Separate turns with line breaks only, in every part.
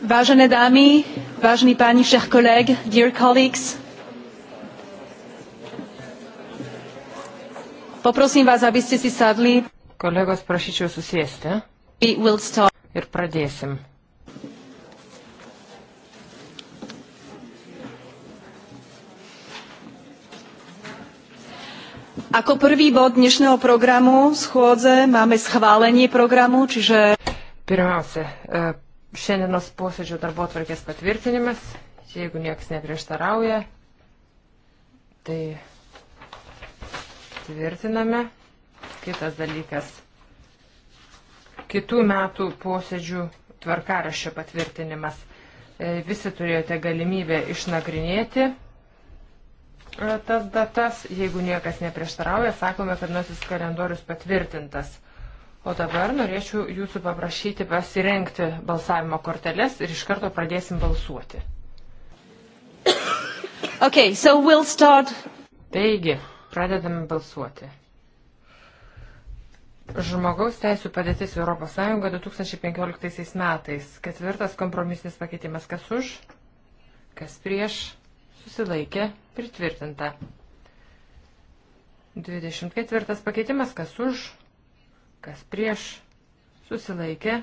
Vážené dámy, vážení páni, chers collègues, dear colleagues,
poprosím vás, aby ste si sadli. Kolegos, prašyčiau susėsti. We will start. Ir pradėsim.
Ako prvý bod dnešného programu
schôdze máme schválenie programu, čiže... Pirmiausia, e, šiandienos posėdžio darbo atvarkės patvirtinimas, jeigu niekas neprieštarauja, tai tvirtiname. Kitas dalykas, kitų metų posėdžių tvarkaraščio patvirtinimas. E, visi turėjote galimybę išnagrinėti E, tas datas. Jeigu niekas neprieštarauja, sakome, kad nusis kalendorius patvirtintas. O dabar norėčiau jūsų paprašyti pasirengti balsavimo korteles ir iš karto pradėsim balsuoti. Okay, so we'll start... Taigi, pradedame balsuoti. Žmogaus teisų padėtis ES 2015 metais. Ketvirtas kompromisinis pakeitimas. Kas už? Kas prieš? susilaikė, pritvirtinta. 24 pakeitimas, kas už, kas prieš, susilaikė,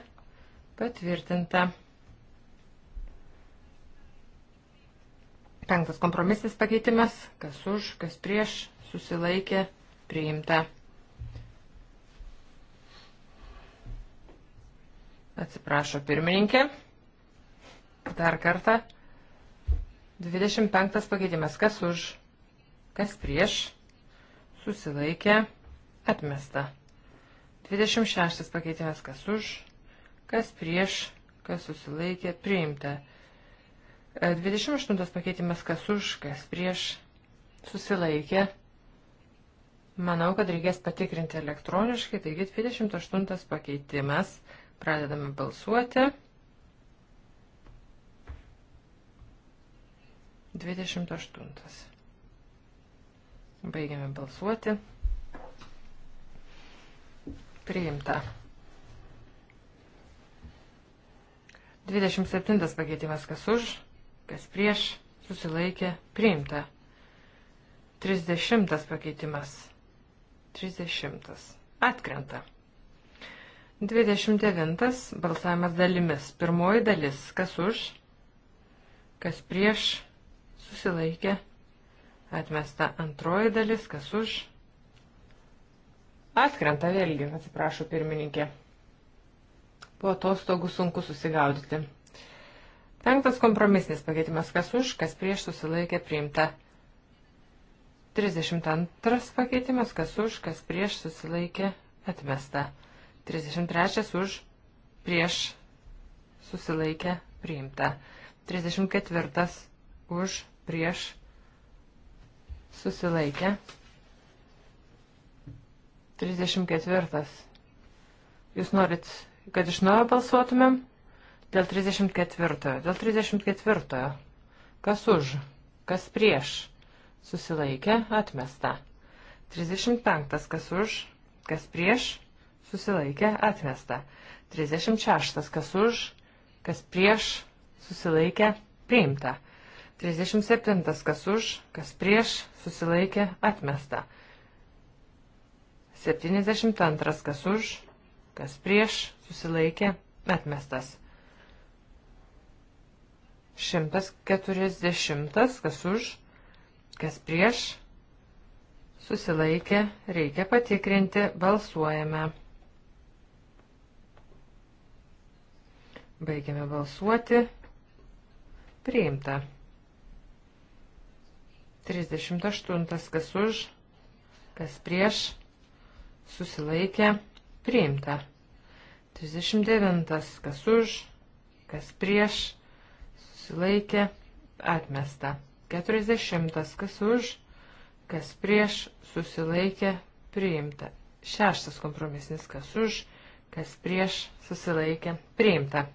patvirtinta. Penktas kompromisnis pakeitimas, kas už, kas prieš, susilaikė, priimta. Atsiprašo pirmininkė. Dar kartą. 25 pakeitimas. Kas už? Kas prieš? Susilaikė. Atmesta. 26 pakeitimas. Kas už? Kas prieš? Kas susilaikė? Priimta. 28 e, pakeitimas. Kas už? Kas prieš? Susilaikė. Manau, kad reikės patikrinti elektroniškai. Taigi 28 pakeitimas. Pradedame balsuoti. 28. Baigiame balsuoti. Priimta. 27 pakeitimas kas už, kas prieš, susilaikė, priimta. 30 pakeitimas. 30. Atkrenta. 29 balsavimas dalimis. Pirmoji dalis kas už, kas prieš, susilaikė, atmesta antroji dalis, kas už. Atkrenta vėlgi, atsiprašau pirmininkė. Po atostogų sunku susigaudyti. Penktas kompromisnis pakeitimas, kas už, kas prieš susilaikė priimta. 32 pakeitimas, kas už, kas prieš susilaikė atmesta. 33 už, prieš susilaikė priimta. 34 už, prieš susilaikę. 34. Jūs norit, kad iš naujo balsuotumėm? Dėl 34. Dėl 34. Kas už? Kas prieš? Susilaikė, atmesta. 35. Kas už? Kas prieš? Susilaikė, atmesta. 36. Kas už? Kas prieš? Susilaikė, priimta. 37. Kas už, kas prieš, susilaikė, atmesta. 72. Kas už, kas prieš, susilaikė, atmestas. 140. Kas už, kas prieš, susilaikė, reikia patikrinti, balsuojame. Baigiame balsuoti. Priimta. 38. Kas už, kas prieš, susilaikė, priimta. 39. Kas už, kas prieš, susilaikė, atmesta. 40. Kas už, kas prieš, susilaikė, priimta. Šeštas kompromisinis, kas už, kas prieš, susilaikė, priimta.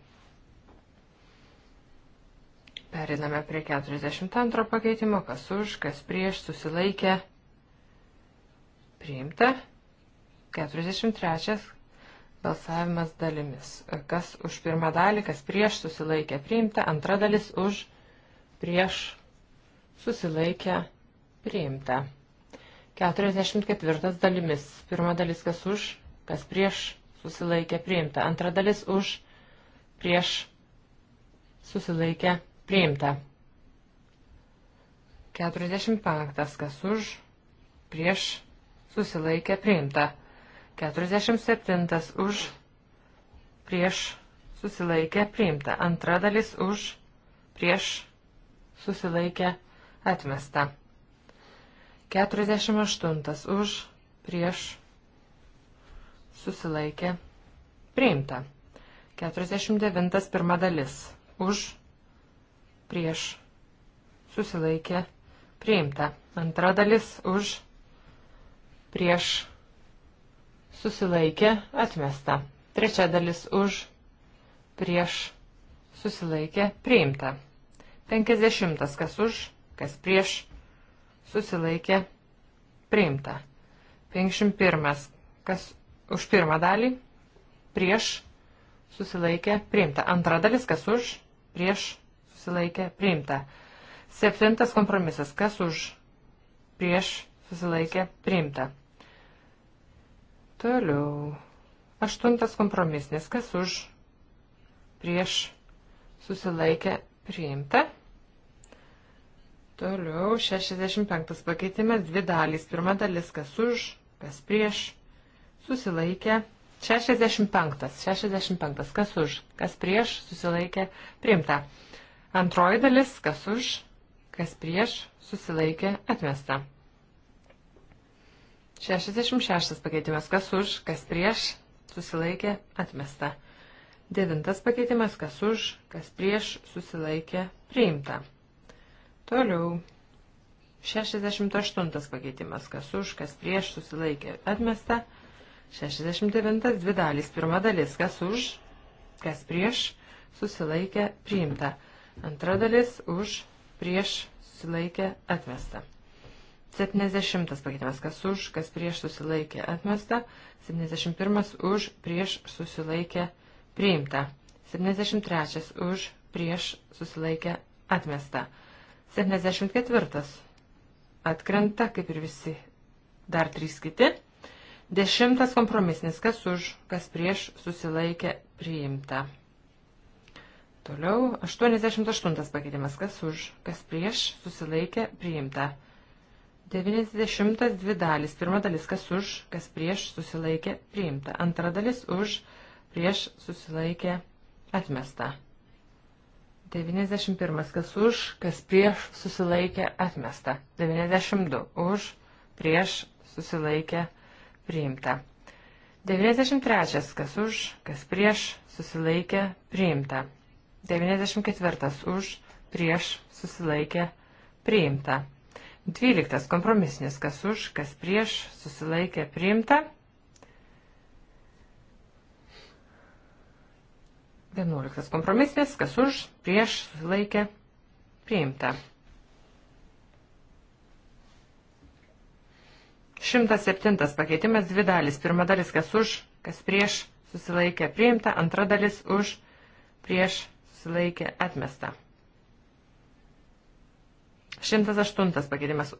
Periname prie 42 pakeitimo, kas už, kas prieš, susilaikė, priimta. 43 balsavimas dalimis. Kas už pirmą dalį, kas prieš, susilaikė, priimta. Antra dalis už, prieš, susilaikė, priimta. 44 dalimis. Pirma dalis, kas už, kas prieš, susilaikė, priimta. Antra dalis už, prieš, susilaikė, priimta Priimta. 45. Kas už, prieš, susilaikė, priimta. 47. Už, prieš, susilaikė, priimta. Antra dalis už, prieš, susilaikė, atmesta. 48. Už, prieš, susilaikė, priimta. 49. Pirma dalis. Už, prieš susilaikė priimta. Antra dalis už prieš susilaikė atmesta. Trečia dalis už prieš susilaikė priimta. 50. Kas už, kas prieš susilaikė priimta. 51. Kas už pirmą dalį prieš susilaikė priimta. Antra dalis kas už prieš susilaikė, priimta. Septintas kompromisas, kas už, prieš, susilaikė, priimta. Toliau. Aštuntas kompromisnis, kas už, prieš, susilaikė, priimta. Toliau 65 pakeitimas, dvi dalys. Pirma dalis, kas už, kas prieš, susilaikė, priimta. 65. 65. Kas už, kas prieš, susilaikė, priimta. Antroji dalis, kas už, kas prieš, susilaikė, atmesta. 66 pakeitimas, kas už, kas prieš, susilaikė, atmesta. Devintas pakeitimas, kas už, kas prieš, susilaikė, priimta. Toliau. 68 pakeitimas, kas už, kas prieš, susilaikė, atmesta. 69 dvi dalys, pirma dalis, kas už, kas prieš, susilaikė, priimta. Antra dalis už prieš susilaikė atmesta. 70 pakeitimas, kas už, kas prieš susilaikė atmesta. 71 už prieš susilaikė priimta. 73 už prieš susilaikė atmesta. 74 atkrenta, kaip ir visi dar trys kiti. Dešimtas kompromisnis, kas už, kas prieš susilaikė priimta. Toliau 88 pakeitimas, kas už, kas prieš, susilaikė, priimta. 90 dvi dalis, pirma dalis, kas už, kas prieš, susilaikė, priimta. Antra dalis už, prieš, susilaikė, atmesta. 91 kas už, kas prieš, susilaikė, atmesta. 92 už, prieš, susilaikė, priimta. 93 kas už, kas prieš, susilaikė, priimta. 94 už, prieš, susilaikė, priimta. 12 kompromisinis, kas už, kas prieš, susilaikė, priimta. 11 kompromisinis, kas už, prieš, susilaikė, priimta. 107 pakeitimas dvi dalis. Pirma dalis, kas už, kas prieš, susilaikė, priimta. Antra dalis, už, prieš, susilaikė susilaikė, atmesta. 108 pakeitimas.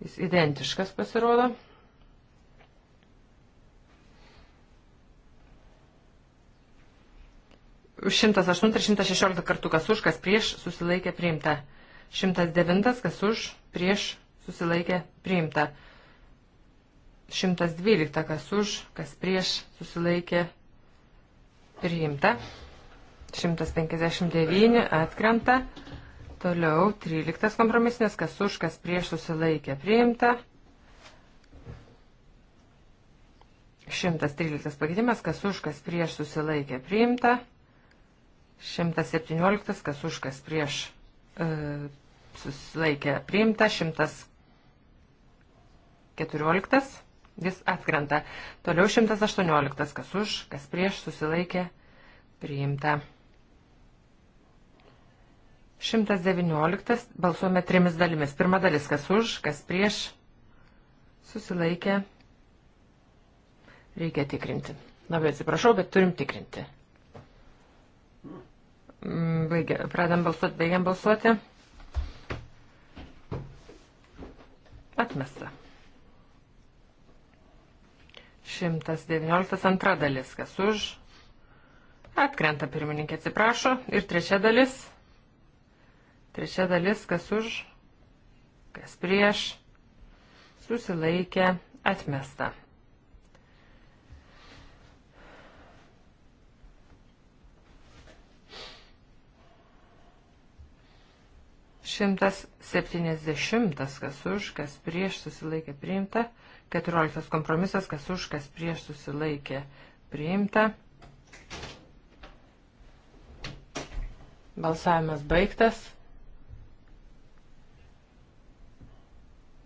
Jis identiškas pasirodo. Už 108 ir 116 kartų kas už, kas prieš susilaikė priimta. 109 kas už, prieš susilaikė priimta. 112 kas už, kas prieš susilaikė priimta. Priimta. 159 atkrenta. Toliau 13 kompromisinės, kas už, kas prieš susilaikė. Priimta. 113 pakeitimas, kas už, kas prieš susilaikė. Priimta. 117, kas už, kas prieš e, susilaikė. Priimta. 114. Jis atkrenta. Toliau 118. Kas už, kas prieš, susilaikė, priimta. 119. Balsuojame trimis dalimis. Pirma dalis, kas už, kas prieš, susilaikė. Reikia tikrinti. Labai atsiprašau, bet turim tikrinti. Mm, Baigia, pradam balsuoti, baigiam balsuoti. Atmesta. 119 antra dalis, kas už. Atkrenta pirmininkė, atsiprašo. Ir trečia dalis. Trečia dalis, kas už, kas prieš. Susilaikė, atmesta. Šimtas septyniasdešimtas, kas už, kas prieš, susilaikė priimta. 170 14 kompromisas, kas už, kas prieš susilaikė priimta. Balsavimas baigtas.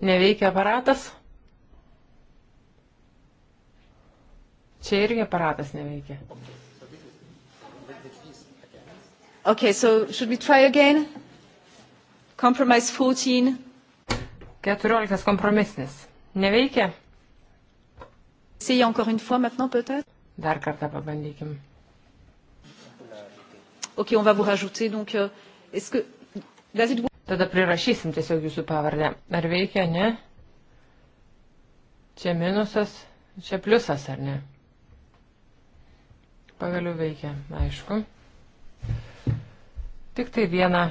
Neveikia aparatas. Čia irgi aparatas neveikia. Okay, so should we try again? Compromise 14. 14 kompromisnis. Neveikia? Dar kartą pabandykim. Ok, on va vous rajouter, donc, euh, est-ce que... Tada prirašysim tiesiog jūsų pavardę. Ar veikia, ne? Čia minusas, čia pliusas, ar ne? Pagaliau veikia, aišku. Tik tai vieną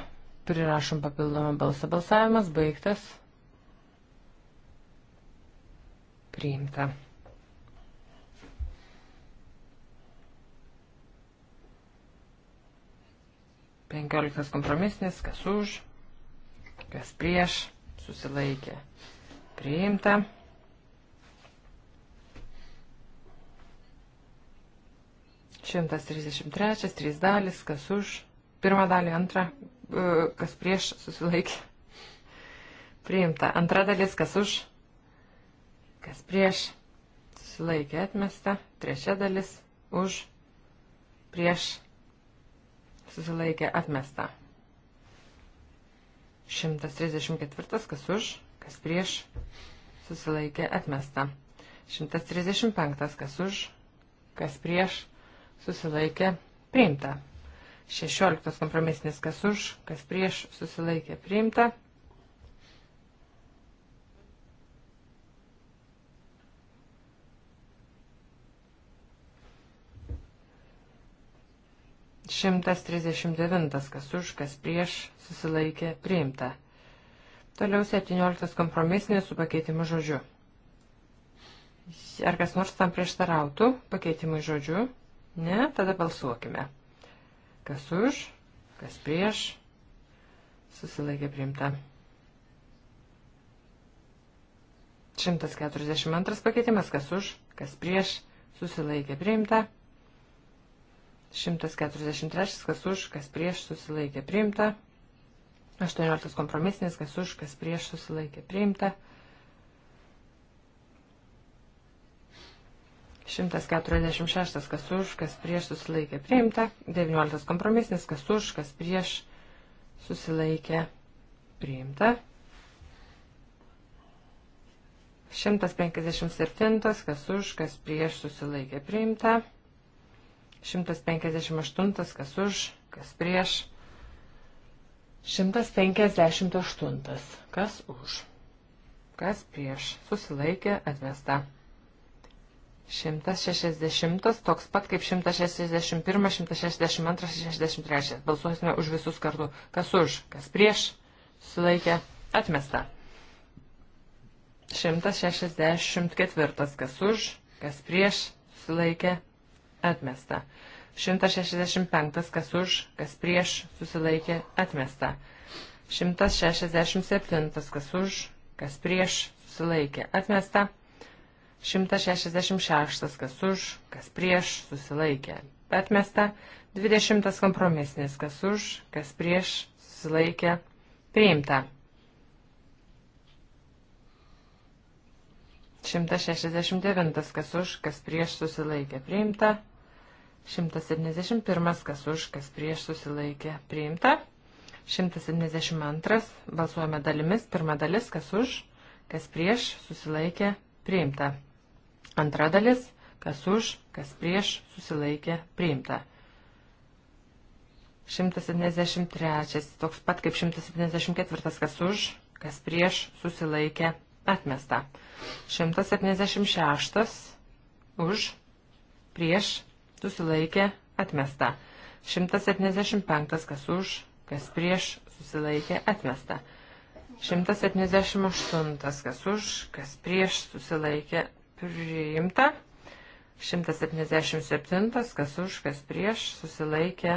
prirašom papildomą balsą. Balsavimas baigtas. priimta. Penkioliktas kompromisnis, kas už, kas prieš, susilaikė, priimta. Šimtas trisdešimt trečias, trys dalis, kas už, pirmą dalį, antrą, e, kas prieš, susilaikė, priimta. Antra dalis, kas už, kas prieš, susilaikė atmesta, trečia dalis, už, prieš, susilaikė atmesta. 134, kas už, kas prieš, susilaikė atmesta. 135, kas už, kas prieš, susilaikė priimta. 16 kompromisinis, kas už, kas prieš, susilaikė priimta. 139, kas už, kas prieš, susilaikė, priimta. Toliau 17 kompromisinis su pakeitimu žodžiu. Ar kas nors tam prieštarautų pakeitimui žodžiu? Ne, tada balsuokime. Kas už, kas prieš, susilaikė priimta. 142 pakeitimas, kas už, kas prieš, susilaikė priimta. 143, kas už, kas prieš susilaikė priimta. 18 kompromisinis, kas už, kas prieš susilaikė priimta. 146, kas už, kas prieš susilaikė priimta. 19 kompromisinis, kas už, kas prieš susilaikė priimta. 157, kas už, kas prieš susilaikė priimta. 158, kas už, kas prieš. 158, kas už, kas prieš, susilaikė atvesta. 160, toks pat kaip 161, 162, 163. Balsuosime už visus kartu. Kas už, kas prieš, sulaikė, atmesta. 164, kas už, kas prieš, sulaikė, atmesta. 165, kas už, kas prieš, susilaikė, atmesta. 167, kas už, kas prieš, susilaikė, atmesta. 166, kas už, kas prieš, susilaikė, atmesta. 20 kompromisinis, kas už, kas prieš, susilaikė, priimta. 169, kas už, kas prieš susilaikė priimta. 171, kas už, kas prieš susilaikė priimta. 172, balsuojame dalimis, pirma dalis, kas už, kas prieš susilaikė priimta. Antra dalis, kas už, kas prieš susilaikė priimta. 173, toks pat kaip 174, kas už, kas prieš susilaikė atmesta. 176, už, prieš susilaikė, atmesta. 175 kas už, kas prieš, susilaikė, atmesta. 178 kas už, kas prieš, susilaikė, priimta. 177 kas už, kas prieš, susilaikė,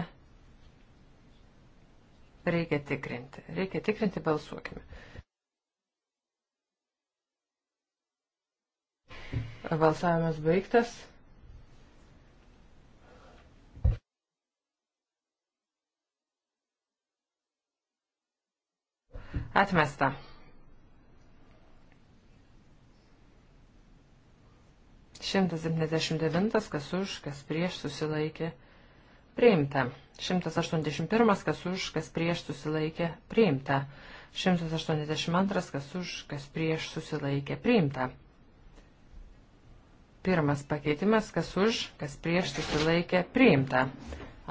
reikia tikrinti. Reikia tikrinti, balsuokime. Balsavimas baigtas. Atmesta. Šimtas septyniasdešimt devintas, kas už, kas prieš susilaikė. Priimta. 181, kas už, kas prieš susilaikė, priimta. 182, kas už, kas prieš susilaikė, priimta. Pirmas pakeitimas, kas už, kas prieš susilaikė, priimta.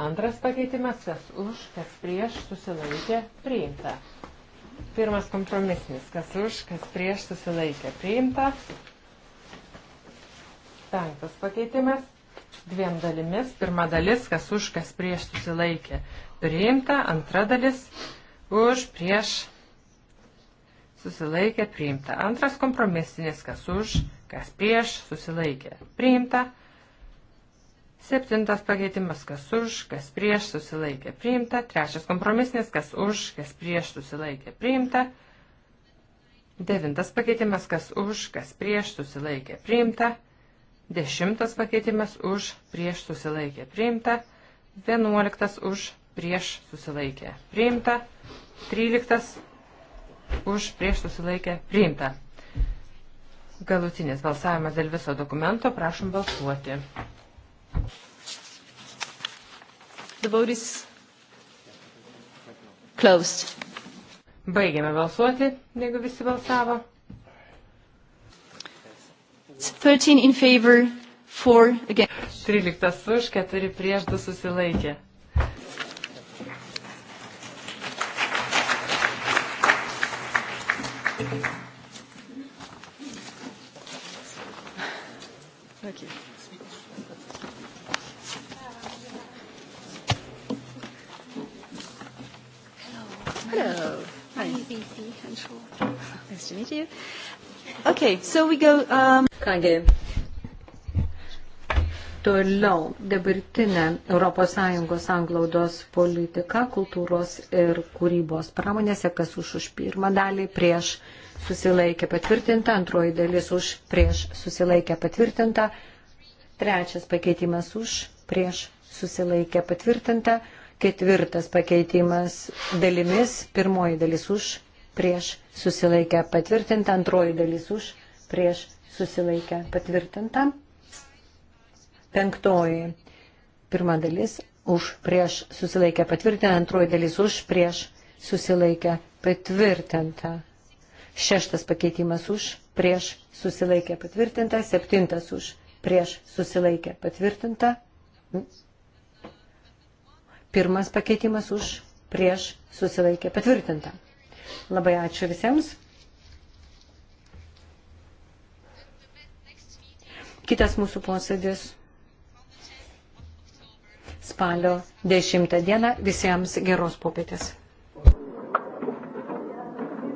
Antras pakeitimas, kas už, kas prieš susilaikė, priimta. Pirmas kompromisnis. Kas už, kas prieš susilaikė. Priimta. Penktas pakeitimas. Dviem dalimis. Pirma dalis, kas už, kas prieš susilaikė. Priimta. Antra dalis. Už, prieš susilaikė. Priimta. Antras kompromisinis. Kas už, kas prieš susilaikė. Priimta. Priimta. Septintas pakeitimas, kas už, kas prieš susilaikė priimta. Trečias kompromisnis, kas už, kas prieš susilaikė priimta. Devintas pakeitimas, kas už, kas prieš susilaikė priimta. Dešimtas pakeitimas už, prieš susilaikė priimta. Vienuoliktas už, prieš susilaikė priimta. Tryliktas už, prieš susilaikė priimta. Galutinis balsavimas dėl viso dokumento, prašom balsuoti. The vote is closed. Baigėme balsuoti, jeigu visi balsavo. 13 in favor, 4 against. 13 už, 4 prieš 2 susilaikė.
Okay, so we go. Um... Kągi. Toliau dabartinė ES anglaudos politika kultūros ir kūrybos pramonėse, kas už už pirmą dalį prieš susilaikė patvirtinta, antroji dalis už prieš susilaikė patvirtinta, trečias pakeitimas už prieš susilaikė patvirtinta, ketvirtas pakeitimas dalimis, pirmoji dalis už prieš susilaikę patvirtinta, antroji dalis už, prieš susilaikę patvirtinta, penktoji pirma dalis už, prieš susilaikę patvirtinta, antroji dalis už, prieš susilaikę patvirtinta, šeštas pakeitimas už, prieš susilaikę patvirtinta, septintas už, prieš susilaikę patvirtinta. Pirmas pakeitimas už prieš susilaikė patvirtinta. Labai ačiū visiems. Kitas mūsų posėdis spalio 10 dieną. Visiems geros popietės.